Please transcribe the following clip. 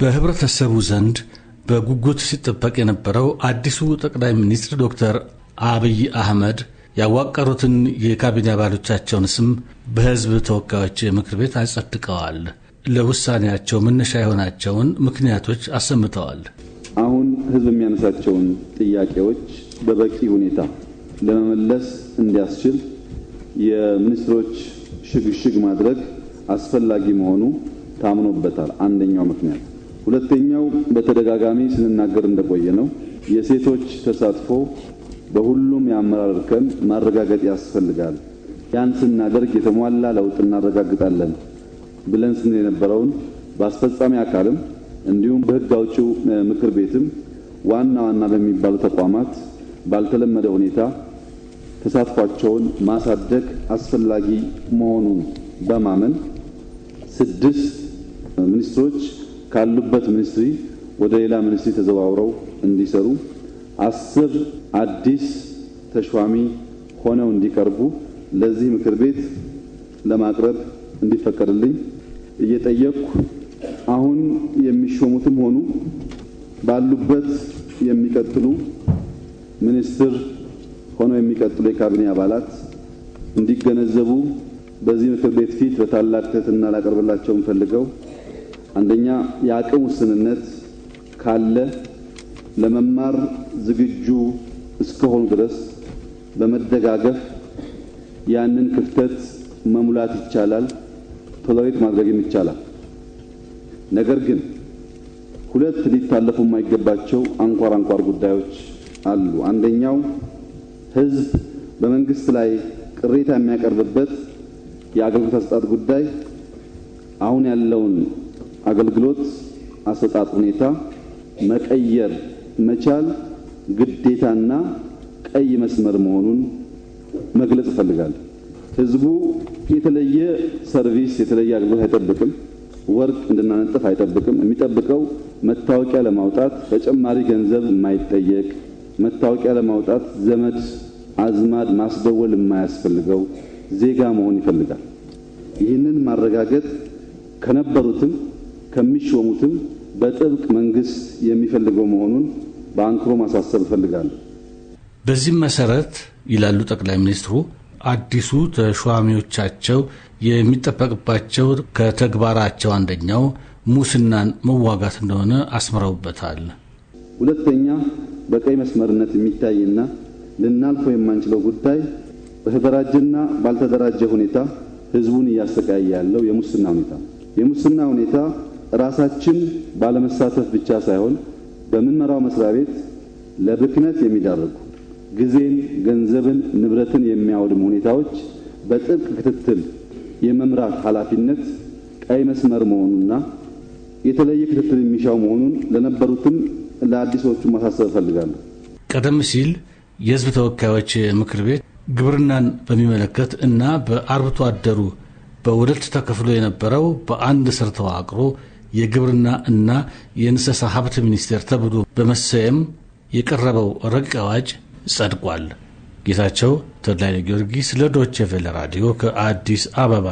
በህብረተሰቡ ዘንድ በጉጉት ሲጠበቅ የነበረው አዲሱ ጠቅላይ ሚኒስትር ዶክተር አብይ አህመድ ያዋቀሩትን የካቢኔ አባሎቻቸውን ስም በህዝብ ተወካዮች ምክር ቤት አጸድቀዋል። ለውሳኔያቸው መነሻ የሆናቸውን ምክንያቶች አሰምተዋል። አሁን ህዝብ የሚያነሳቸውን ጥያቄዎች በበቂ ሁኔታ ለመመለስ እንዲያስችል የሚኒስትሮች ሽግሽግ ማድረግ አስፈላጊ መሆኑ ታምኖበታል። አንደኛው ምክንያት ሁለተኛው በተደጋጋሚ ስንናገር እንደቆየ ነው የሴቶች ተሳትፎ በሁሉም የአመራር እርከን ማረጋገጥ ያስፈልጋል። ያን ስናደርግ የተሟላ ለውጥ እናረጋግጣለን ብለን ስንል የነበረውን በአስፈጻሚ አካልም እንዲሁም በሕግ አውጪው ምክር ቤትም ዋና ዋና በሚባሉ ተቋማት ባልተለመደ ሁኔታ ተሳትፏቸውን ማሳደግ አስፈላጊ መሆኑን በማመን ስድስት ሚኒስትሮች ካሉበት ሚኒስትሪ ወደ ሌላ ሚኒስትሪ ተዘዋውረው እንዲሰሩ፣ አስር አዲስ ተሿሚ ሆነው እንዲቀርቡ ለዚህ ምክር ቤት ለማቅረብ እንዲፈቀድልኝ እየጠየቅኩ አሁን የሚሾሙትም ሆኑ ባሉበት የሚቀጥሉ ሚኒስትር ሆነው የሚቀጥሉ የካቢኔ አባላት እንዲገነዘቡ በዚህ ምክር ቤት ፊት በታላቅ ትህትና ላቀርብላቸው የምፈልገው አንደኛ የአቅም ውስንነት ካለ ለመማር ዝግጁ እስከሆኑ ድረስ በመደጋገፍ ያንን ክፍተት መሙላት ይቻላል፣ ቶለሬት ማድረግም ይቻላል። ነገር ግን ሁለት ሊታለፉ የማይገባቸው አንኳር አንኳር ጉዳዮች አሉ። አንደኛው ሕዝብ በመንግስት ላይ ቅሬታ የሚያቀርብበት የአገልግሎት አሰጣጥ ጉዳይ አሁን ያለውን አገልግሎት አሰጣጥ ሁኔታ መቀየር መቻል ግዴታና ቀይ መስመር መሆኑን መግለጽ እፈልጋለሁ። ህዝቡ የተለየ ሰርቪስ የተለየ አገልግሎት አይጠብቅም። ወርቅ እንድናነጥፍ አይጠብቅም። የሚጠብቀው መታወቂያ ለማውጣት ተጨማሪ ገንዘብ የማይጠየቅ መታወቂያ ለማውጣት ዘመድ አዝማድ ማስደወል የማያስፈልገው ዜጋ መሆን ይፈልጋል። ይህንን ማረጋገጥ ከነበሩትም ከሚሾሙትም በጥብቅ መንግስት የሚፈልገው መሆኑን በአንክሮ ማሳሰብ እፈልጋለሁ። በዚህም መሰረት ይላሉ ጠቅላይ ሚኒስትሩ አዲሱ ተሿሚዎቻቸው የሚጠበቅባቸው ከተግባራቸው አንደኛው ሙስናን መዋጋት እንደሆነ አስምረውበታል። ሁለተኛ በቀይ መስመርነት የሚታይና ልናልፈው የማንችለው ጉዳይ በተደራጀና ባልተደራጀ ሁኔታ ህዝቡን እያሰቃየ ያለው የሙስና ሁኔታ የሙስና ሁኔታ ራሳችን ባለመሳተፍ ብቻ ሳይሆን በምንመራው መስሪያ ቤት ለብክነት የሚዳርጉ ጊዜን፣ ገንዘብን፣ ንብረትን የሚያወድሙ ሁኔታዎች በጥብቅ ክትትል የመምራት ኃላፊነት ቀይ መስመር መሆኑና የተለየ ክትትል የሚሻው መሆኑን ለነበሩትም ለአዲሶቹ ማሳሰብ እፈልጋለሁ። ቀደም ሲል የሕዝብ ተወካዮች ምክር ቤት ግብርናን በሚመለከት እና በአርብቶ አደሩ በሁለት ተከፍሎ የነበረው በአንድ ስር ተዋቅሮ የግብርና እና የእንስሳ ሀብት ሚኒስቴር ተብሎ በመሰየም የቀረበው ረቂቅ አዋጅ ጸድቋል። ጌታቸው ተድላይ ጊዮርጊስ ለዶቼ ቬለ ራዲዮ ከአዲስ አበባ